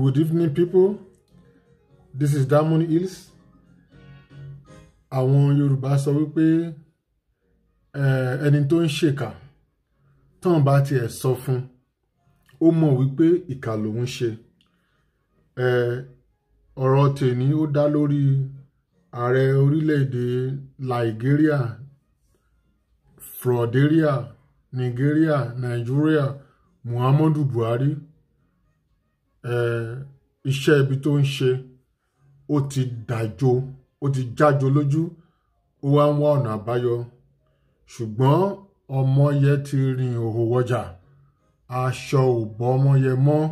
Good evening, people. This is Damon Hills. Àwọn Yorùbá sọ wípé eh, ẹni tó ń ṣèkà tán bá tiẹ̀ sọ fún ó mọ̀ wípé ìkà lòun ṣe. Eh, ọ̀rọ̀ tèmi ó dá lórí ààrẹ orílẹ̀-èdè Liberia, Frauderia, Nigeria, Nigeria, Muhammadu Buhari iṣẹ́ ibi tó ń ṣe ó ti dàjò ó ti jájò lójú ó wá ń wá ọ̀nà àbáyọ ṣùgbọ́n ọmọ yẹ ti rìn òhò wọjà aṣọ ò bọ́ ọmọ yẹ mọ́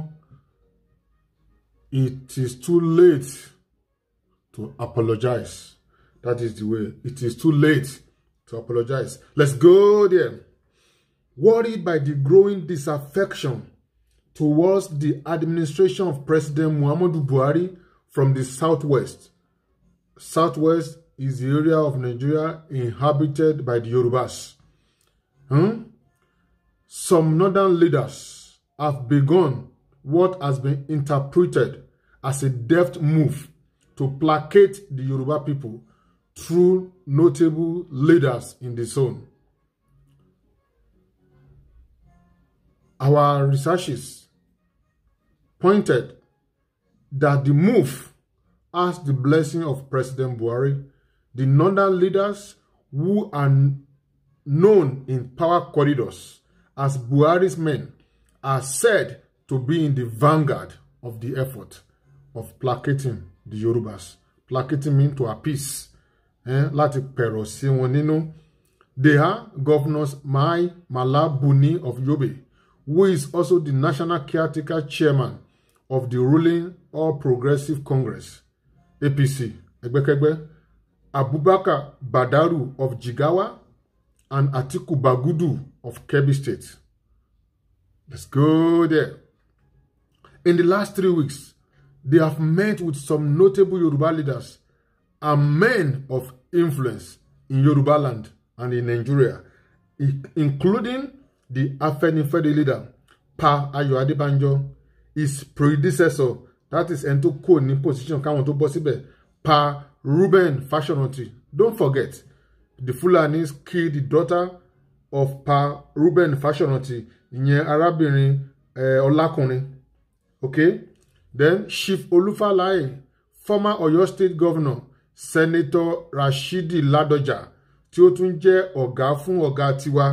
it is too late to apologize that is the way it is too late to apologize let's go there worried by the growing disaffection towards the administration of President Muhammadu Buhari from the southwest. Southwest is the area of Nigeria inhabited by the Yorubas. Hmm? Some northern leaders have begun what has been interpreted as a deft move to placate the Yoruba people through notable leaders in the zone. Our researches pointed that the move has the blessing of President Buhari, the northern leaders who are known in power corridors as Buhari's men are said to be in the vanguard of the effort of placating the Yorubas. Placating means to appease. Eh? Láti pẹ̀rọ̀ sí wọn nínú. They are governors Mai Malabuni of Yobe, who is also the national caretaker chairman of the ruling All Progressive Congress APC ẹgbẹ́kẹ́gbẹ́ Abubakar Badaru of Jigawa and Atiku Bagudu of Kebbi State. Let's go there. In the last three weeks, they have met with some notable Yoruba leaders and men of influence in Yoruba land and in Nigeria, including the Afenifede leader, Pa Ayo Adebanjo, his predecessor that is ẹni tó kò position káwọn tó bọ́ síbẹ̀ pa Ruben Fashionati don't forget the Fulanis killed the daughter of pa Ruben Fashionati ìyẹn arábìnrin eh, ọlákùnrin eh, okay then Chief Olufalaye former Oyo State Governor Senator Rashidi Ladoja tí ó tún jẹ́ ọ̀gá fún ọ̀gá tiwa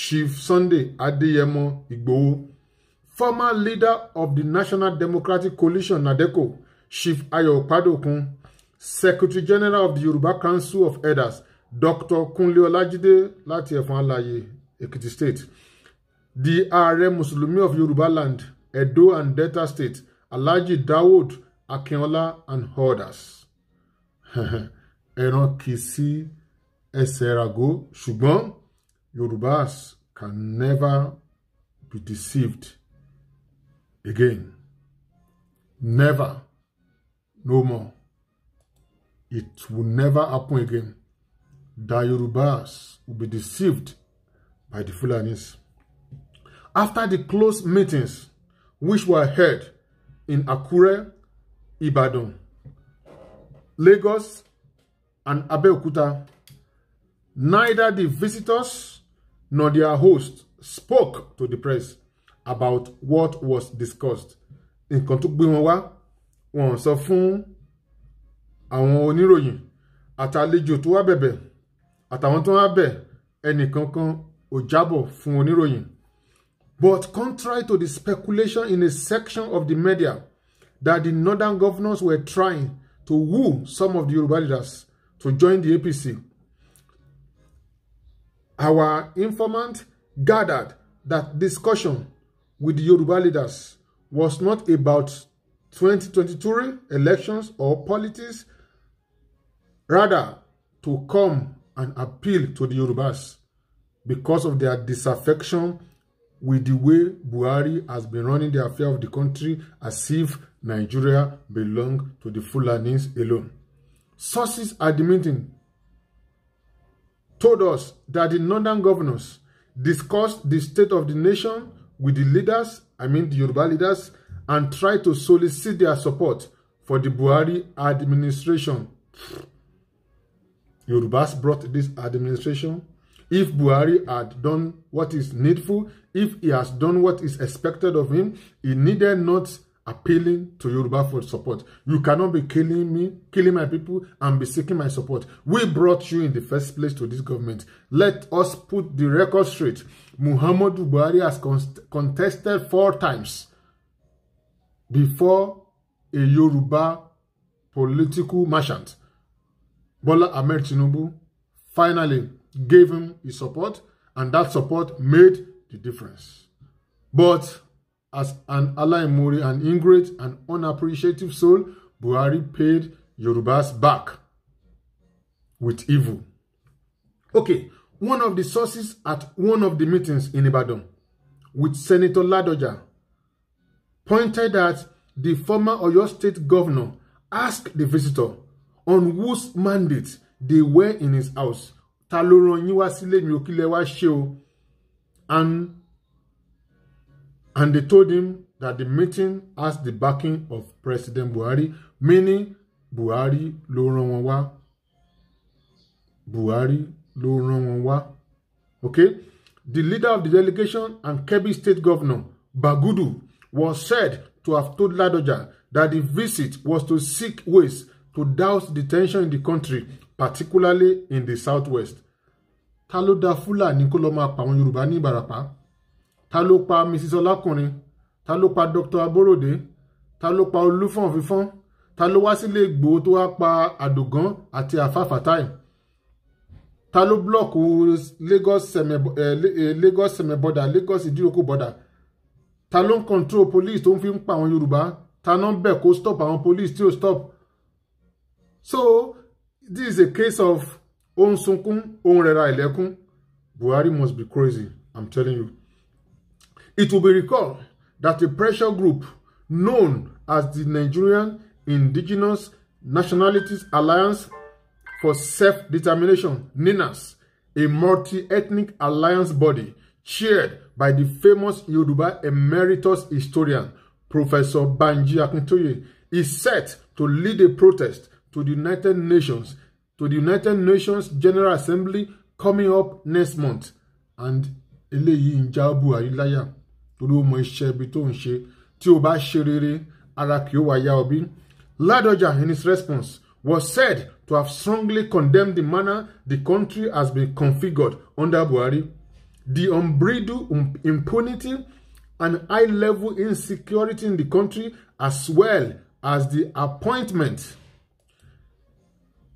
Chief Sunday Adéyẹmọ Ìgbòho former leader of the National Democratic Coalition NADECO, Chief Ayo Padokun, Secretary General of the Yoruba Council of Elders, Dr. Kunle Olajide láti Ẹ̀fọ̀n Alaye, Ekiti State, the Ààrẹ Mùsùlùmí of Yoruba Land, Edo and Delta State, Alhaji Dawood Akinola and others. Ẹran kì í sí ẹsẹ̀ ràgó ṣùgbọ́n Yorubas can never be deceived. again. Never. No more. It will never happen again. The Yorubas will be deceived by the Fulanis. After the close meetings, which were held in Akure, Ibadan, Lagos, and Abeokuta, neither the visitors nor their host spoke to the press. about what was discussed nǹkan tó gbé wọn wá wọn sọ fún àwọn oníròyìn àtàlejò tó wá bẹ̀bẹ̀ àtàwọn tó wá bẹ̀ ẹnìkankan ò jábọ̀ fún oníròyìn but contrary to the speculation in a section of the media that the northern governors were trying to woo some of the Yoruba leaders to join the APC. Our informant gathered that discussion with the Yoruba leaders was not about 2022 elections or politics, rather to come and appeal to the Yorubas because of their disaffection with the way Buhari has been running the affair of the country as if Nigeria belonged to the Fulanis alone. Sources at the meeting told us that the northern governors discussed the state of the nation with the leaders, I mean the Yoruba leaders, and try to solicit their support for the Buhari administration. Yorubas brought this administration. If Buhari had done what is needful, if he has done what is expected of him, he needed not appealing to Yoruba for support. You cannot be killing me, killing my people, and be seeking my support. We brought you in the first place to this government. Let us put the record straight. Muhammadu Buhari has contested four times before a Yoruba political merchant. Bola Ahmed Tinubu finally gave him his support, and that support made the difference. But As an ally, aláìmoore, an ingrate, an unappreciative soul, Buhari paid Yorubas back with evil. Okay, one of the sources at one of the meetings in Ibadan with Senator Ladoja pointed that the former Oyo State governor asked the visitor on whose mandate they were in his house. Ta ló rán yín wá sílé And And they told him that the meeting has the backing of President Buhari, meaning Buhari ló rán wọn wá. Buhari ló rán wọn wá. Okay? The leader of the delegation and Kebbi state governor, Bagudu, was said to have told Ladoja that the visit was to seek ways to douse the tension in the country, particularly in the southwest. Ta ló dá Fúlàní kó lọ máa pa àwọn Yorùbá ní Ìbàràpá? ta ló pa mrs ọlákùnrin ta ló pa dr aborode ta ló pa olúfọ̀n fífọ́n ta ló wá sílé Ìgbòho tó wá pa àdògán àti àfàfàtàì ta ló blọọkù Lagos sẹmẹ eh, eh, Lagos sẹmẹ bọdà Lagos ìdíròkò bọdà ta ló ń control police tó ń fi ń pa àwọn Yorùbá ta náà ń bẹ̀ kó stop àwọn police tí ò stop so this is a case of ó ń sunkún ó rẹra ìlẹ́kún Buhari must be crazy I'm telling you. It will be recalled that a pressure group known as the Nigerian Indigenous Nationalities Alliance for Self-Determination, NINAS, a multi-ethnic alliance body chaired by the famous Yoruba emeritus historian Professor Banji Akintoye, is set to lead a protest to the United Nations to the United Nations General Assembly coming up next month and eléyìí ń já bùhárí láyà torí ó mọ iṣẹ́ ibi tó ń ṣe tí o bá ṣe rere ara kì ó wá yá ọ bí. Ladoja in his response was said to have strongly condemned the manner the country has been configured under Buhari. The unbridled um, impunity and high level insecurity in the country, as well as the appointment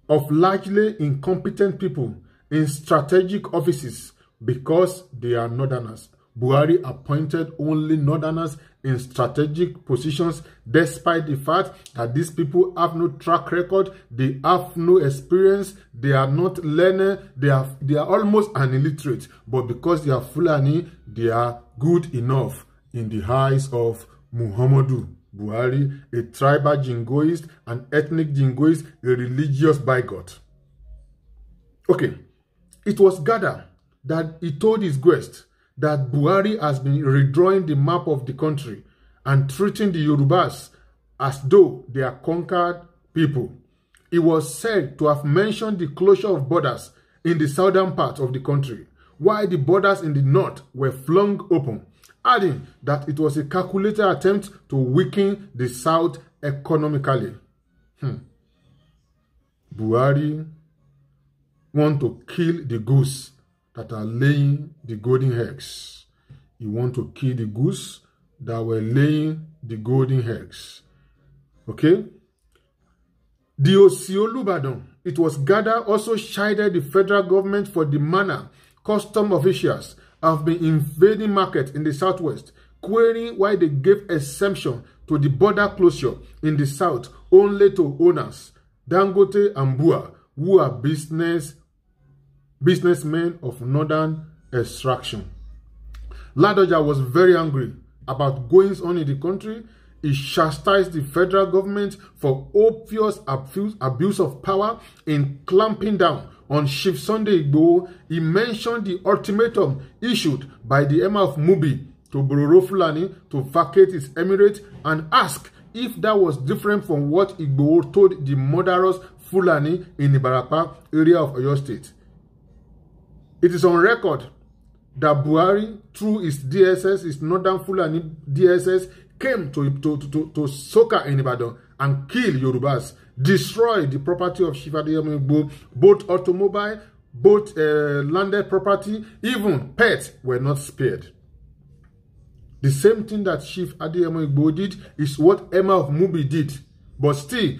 of largely incompetent people in strategic offices because they are northerners. Buhari appointed only northerners in strategic positions despite the fact that these people have no track record, they have no experience, they are not learned, they are, they are almost an illiterate. But because they are Fulani, they are good enough in the eyes of Muhammadu Buhari, a tribal jingoist, an ethnic jingoist, a religious bigot. Okay, it was Gada that he told his guest that Buhari has been redrawing the map of the country and treating the Yorubas as though they are conquered people. He was said to have mentioned the closure of borders in the southern part of the country, while the borders in the north were flung open, adding that it was a calculated attempt to weaken the south economically. Hmm. Buhari want to kill the goose that are laying the golden eggs. You want to kill the goose that were laying the golden eggs. Okay? The Lubado. it was gathered, also chided the federal government for the manner custom officials have been invading markets in the southwest, querying why they gave exemption to the border closure in the south only to owners, Dangote and Bua, who are business Businessman of northern extraction. Ladoja was very angry about goings on in the country. He chastised the federal government for obvious abuse of power in clamping down on Chief Sunday Igboho. He mentioned the ultimatum issued by the Emir of Mubi to Bororo Fulani to vacate his emirate and asked if that was different from what Igboho told the murderous Fulani in the Barapa area of Oyo State. It is on record that Buhari, through his DSS, his Northern Fulani DSS, came to, to, to, to Soka in and kill Yorubas, destroy the property of Shifadiyemi Igbo, both automobile, both uh, landed property, even pets were not spared. The same thing that Chief Adeyemo Igboho did is what Emma of Mubi did. But still,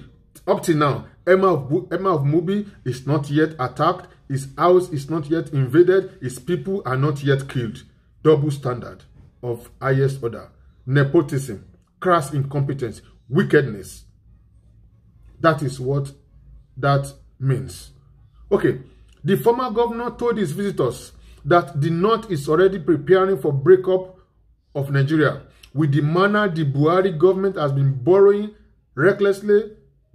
up till now, Emma of, Emma of Mubi is not yet attacked, His house is not yet invaded. His people are not yet killed. Double standard of highest order. Nepotism, crass incompetence, wickedness. That is what that means. Okay, the former governor told his visitors that the North is already preparing for breakup of Nigeria with the manner the Buhari government has been borrowing recklessly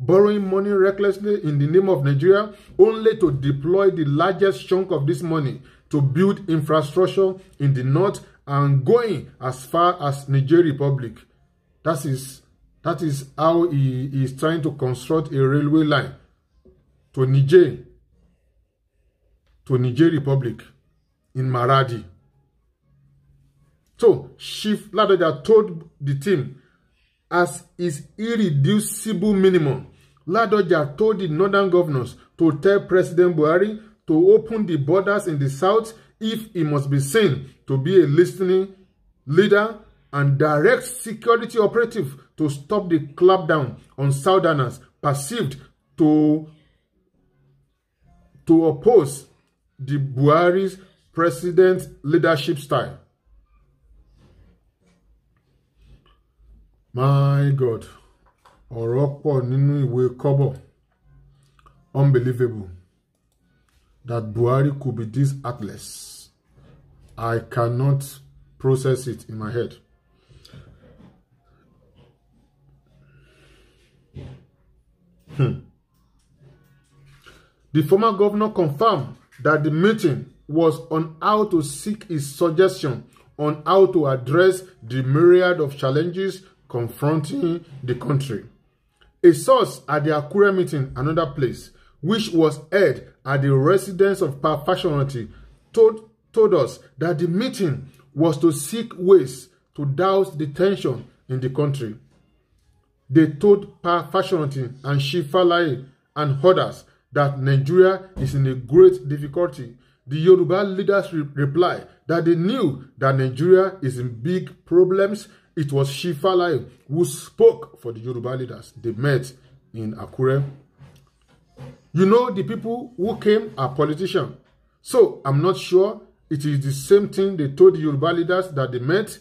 borrowing money recklessly in the name of Nigeria only to deploy the largest chunk of this money to build infrastructure in the north and going as far as Niger Republic. That is, that is how he, he is trying to construct a railway line to Niger, to Niger Republic in Maradi. So, Chief Ladoja told the team as his irreducible minimum Ladoja told the northern governors to tell President Buhari to open the borders in the south if he must be seen to be a listening leader and direct security operative to stop the clampdown on Southerners perceived to, to oppose the Buhari's president leadership style. My God. ọ̀rọ̀ pọ̀ nínú ìwé kọ́bọ̀ unbelievable that Buhari could be this heartless I cannot process it in my head. Hmm. The former governor confirmed that the meeting was on how to seek his suggestion on how to address the myriad of challenges confronting the country. A source at the Akure meeting, another place, which was held at the residence of Parfashionati, told, told us that the meeting was to seek ways to douse the tension in the country. They told Parfashionati and Shifalai and others that Nigeria is in a great difficulty. The Yoruba leaders re replied that they knew that Nigeria is in big problems It was Shifalai who spoke for the Yoruba leaders. They met in Akure. You know, the people who came are politicians. So I'm not sure it is the same thing they told the Yoruba leaders that they met.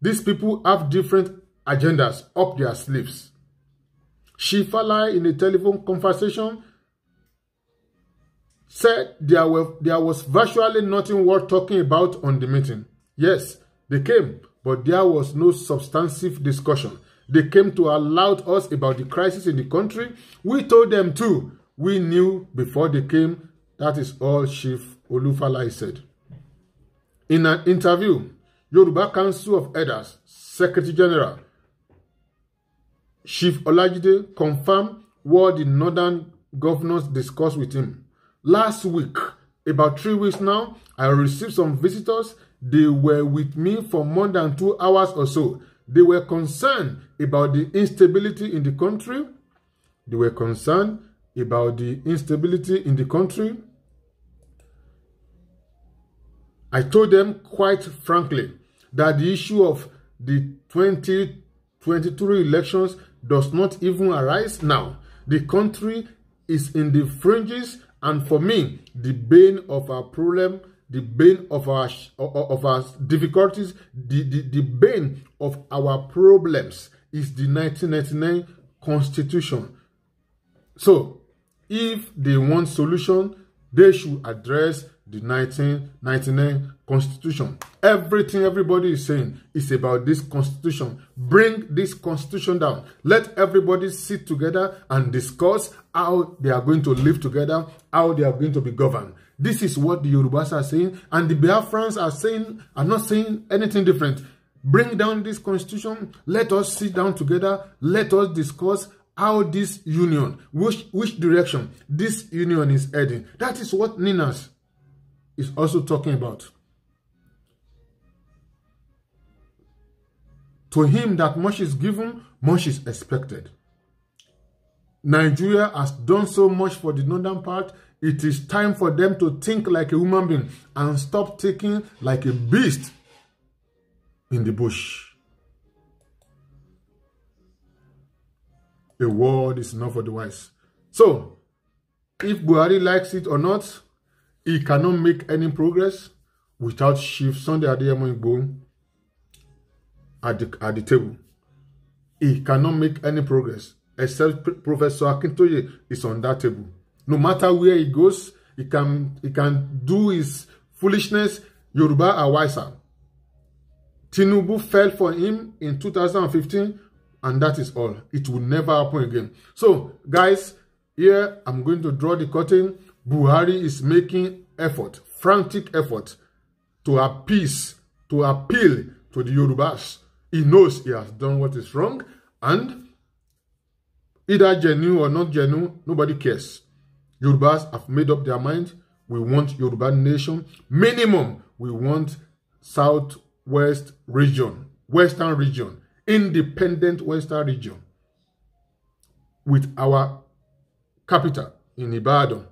These people have different agendas up their sleeves. Shifalai, in a telephone conversation, said there, were, there was virtually nothing worth talking about on the meeting. Yes, they came, but there was no substantive discussion. They came to alert us about the crisis in the country. We told them too. We knew before they came. That is all Chief Olufalai said. In an interview, Yoruba Council of Elders Secretary General Chief Olajide confirmed what the northern governors discussed with him. Last week, about three weeks now, I received some visitors They were with me for more than two hours or so. They were concerned about the instability in the country. They were concerned about the instability in the country. I told them quite frankly that the issue of the 2023 elections does not even arise now. The country is in the fringes and for me, the bane of our problem the bane of our of our difficulties, the, the, the bane of our problems is the 1999 constitution. So, if they want solution, they should address the 1999 constitution. Everything everybody is saying is about this constitution. Bring this constitution down. Let everybody sit together and discuss how they are going to live together, how they are going to be governed. This is what the Yorubas are saying, and the Biafrans are saying are not saying anything different. Bring down this constitution. Let us sit down together. Let us discuss how this union, which which direction this union is heading. That is what Ninas is also talking about. To him that much is given, much is expected. Nigeria has done so much for the northern part. It is time for them to think like a human being and stop thinking like a beast in the bush. A word is not for the wise. So, if Buhari likes it or not, he cannot make any progress without Chief Sunday Adeyemo Igboho at the, at the table. He cannot make any progress except Professor Akintoye is on that table. No matter where he goes, he can, he can do his foolishness. Yoruba are wiser. Tinubu fell for him in 2015, and that is all. It will never happen again. So, guys, here I'm going to draw the curtain. Buhari is making effort, frantic effort, to appease, to appeal to the Yorubas. He knows he has done what is wrong, and either genuine or not genuine, nobody cares. Yorubas have made up their mind. We want Yoruba nation. Minimum, we want Southwest region, Western region, independent Western region with our capital in Ibadan.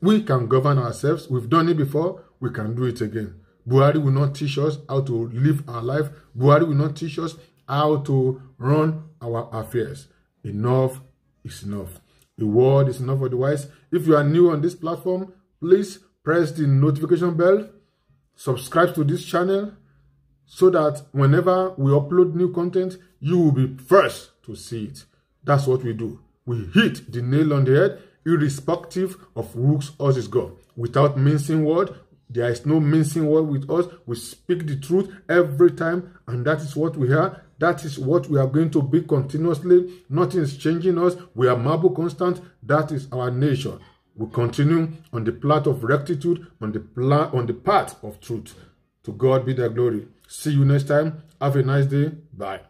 We can govern ourselves. We've done it before. We can do it again. Buhari will not teach us how to live our life. Buhari will not teach us how to run our affairs. Enough is enough. The word is not for the wise. If you are new on this platform, please press the notification bell, subscribe to this channel, so that whenever we upload new content, you will be first to see it. That's what we do. We hit the nail on the head, irrespective of who's us is God. Without mincing word, there is no mincing word with us. We speak the truth every time, and that is what we have. That is what we are going to be continuously. Nothing is changing us. We are marble constant. That is our nature. We continue on the path of rectitude, on the, pla- on the path of truth. To God be the glory. See you next time. Have a nice day. Bye.